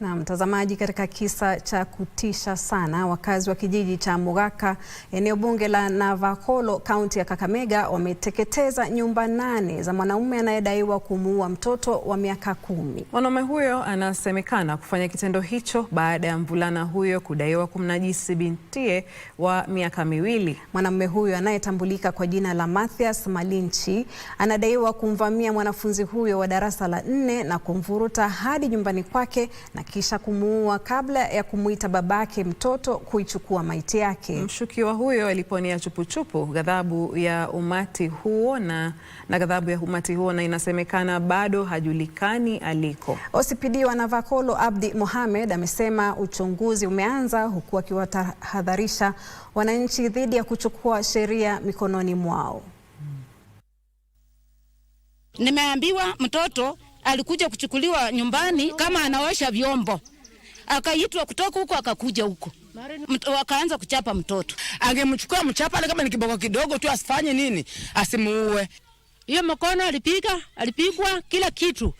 Na mtazamaji, katika kisa cha kutisha sana, wakazi wa kijiji cha Mugaka eneo bunge la Navakholo kaunti ya Kakamega wameteketeza nyumba nane za mwanaume anayedaiwa kumuua mtoto wa miaka kumi. Mwanaume huyo anasemekana kufanya kitendo hicho baada ya mvulana huyo kudaiwa kumnajisi bintie wa miaka miwili. Mwanamume huyo anayetambulika kwa jina la Mathias Malinchi anadaiwa kumvamia mwanafunzi huyo wa darasa la nne na kumvuruta hadi nyumbani kwake na kisha kumuua kabla ya kumwita babake mtoto kuichukua maiti yake. Mshukiwa huyo aliponea chupuchupu ghadhabu ya umati huo na, na ghadhabu ya umati huo na inasemekana bado hajulikani aliko. OCPD wa Navakolo Abdi Mohamed amesema uchunguzi umeanza huku akiwatahadharisha wananchi dhidi ya kuchukua sheria mikononi mwao. Nimeambiwa mtoto alikuja kuchukuliwa nyumbani kama anaosha vyombo, akaitwa kutoka huko, akakuja huko wakaanza kuchapa mtoto. Angemchukua mchapa kama ni kiboko kidogo tu, asifanye nini, asimuue. Hiyo mkono alipiga, alipigwa kila kitu.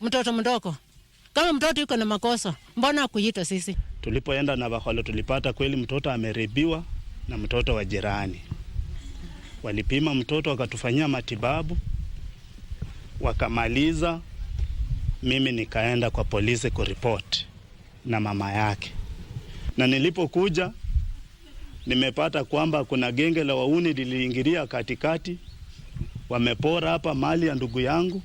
Mtoto mdogo kama mtoto yuko na makosa, mbona akuita sisi? Tulipoenda na Baholo tulipata kweli mtoto ameribiwa na mtoto wa jirani. Walipima mtoto, wakatufanyia matibabu. Wakamaliza, mimi nikaenda kwa polisi kuripoti na mama yake, na nilipokuja nimepata kwamba kuna genge la wauni liliingilia katikati, wamepora hapa mali ya ndugu yangu.